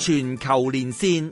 全球連線。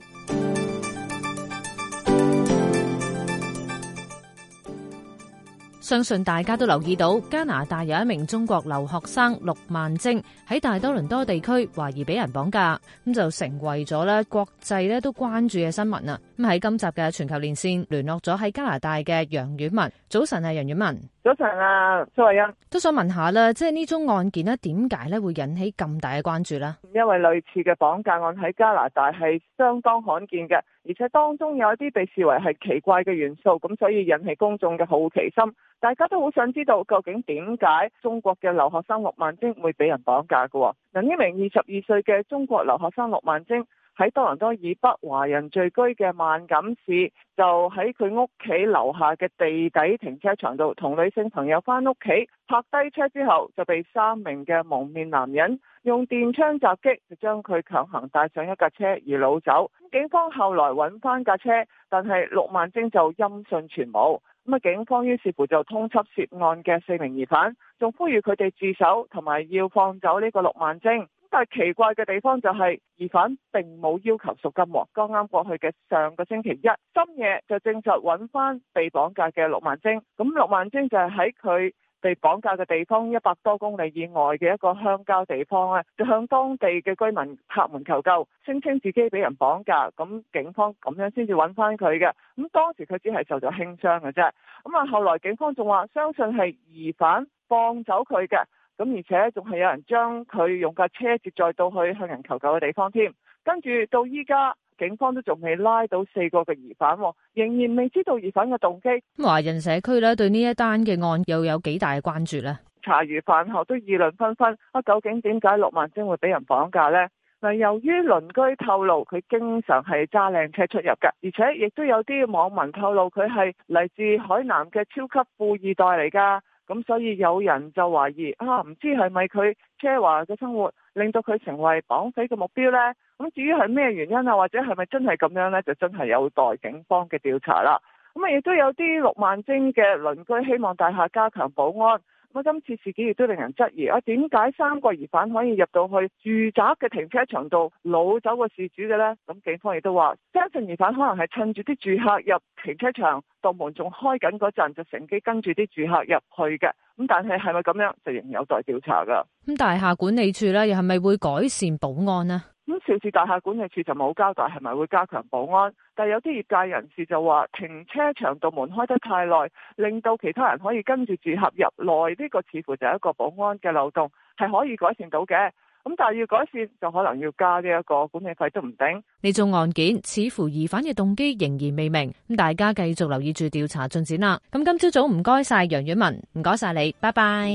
相信大家都留意到，加拿大有一名中國留學生陸萬晶喺大多倫多地區懷疑俾人綁架，咁就成為咗咧國際咧都關注嘅新聞啊！咁喺今集嘅全球連線聯絡咗喺加拿大嘅楊婉文。早晨啊，楊婉文。早晨啊，崔蔚恩。都想問下咧，即係呢宗案件咧，點解咧會引起咁大嘅關注咧？因為類似嘅綁架案喺加拿大係相當罕見嘅，而且當中有一啲被視為係奇怪嘅元素，咁所以引起公眾嘅好奇心。大家都好想知道究竟點解中國嘅留學生陸萬晶會俾人綁架嘅？嗱，呢名二十二歲嘅中國留學生陸萬晶喺多倫多以北華人聚居嘅萬錦市，就喺佢屋企樓下嘅地底停車場度同女性朋友翻屋企泊低車之後，就被三名嘅蒙面男人用電槍襲擊，就將佢強行帶上一架車而擄走。警方後來搵翻架車，但係陸萬晶就音訊全無。咁啊！警方於是乎就通緝涉案嘅四名疑犯，仲呼籲佢哋自首，同埋要放走呢個陸萬晶。咁但係奇怪嘅地方就係、是，疑犯並冇要求贖金。剛啱過去嘅上個星期一深夜，就正式揾翻被綁架嘅陸萬晶。咁陸萬晶就係喺佢。被綁架嘅地方一百多公里以外嘅一個鄉郊地方咧，就向當地嘅居民拍門求救，聲稱自己俾人綁架，咁警方咁樣先至搵返佢嘅。咁當時佢只係受咗輕傷嘅啫。咁啊，後來警方仲話相信係疑犯放走佢嘅，咁而且仲係有人將佢用架車接載到去向人求救嘅地方添。跟住到依家。警方都仲未拉到四個嘅疑犯，仍然未知道疑犯嘅動機。華人社區咧對呢一單嘅案又有幾大關注呢？茶餘飯後都議論紛紛啊！究竟點解陸萬晶會俾人綁架呢？嗱，由於鄰居透露佢經常係揸靚車出入㗎，而且亦都有啲網民透露佢係嚟自海南嘅超級富二代嚟㗎。咁所以有人就懷疑啊，唔知係咪佢奢華嘅生活令到佢成為綁匪嘅目標呢？咁至於係咩原因啊，或者係咪真係咁樣呢？就真係有待警方嘅調查啦。咁啊，亦都有啲六萬精嘅鄰居希望大廈加強保安。咁今次事件亦都令人質疑啊，點解三個疑犯可以入到去住宅嘅停車場度擄走個事主嘅呢？咁警方亦都話，三名疑犯可能係趁住啲住客入停車場度門仲開緊嗰陣，就乘機跟住啲住客入去嘅。咁但係係咪咁樣，就仍有待調查噶。咁大廈管理處咧，又係咪會改善保安呢？肇事大廈管理處就冇交代，係咪會加強保安？但係有啲業界人士就話，停車場道門開得太耐，令到其他人可以跟住住客入，入內，呢、呢個似乎就係一個保安嘅漏洞，係可以改善到嘅。咁但係要改善，就可能要加呢一個管理費都唔定。呢宗案件似乎疑犯嘅動機仍然未明，咁大家繼續留意住調查進展啦。咁今朝早唔該晒楊婉文，唔該晒你，拜拜，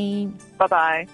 拜拜。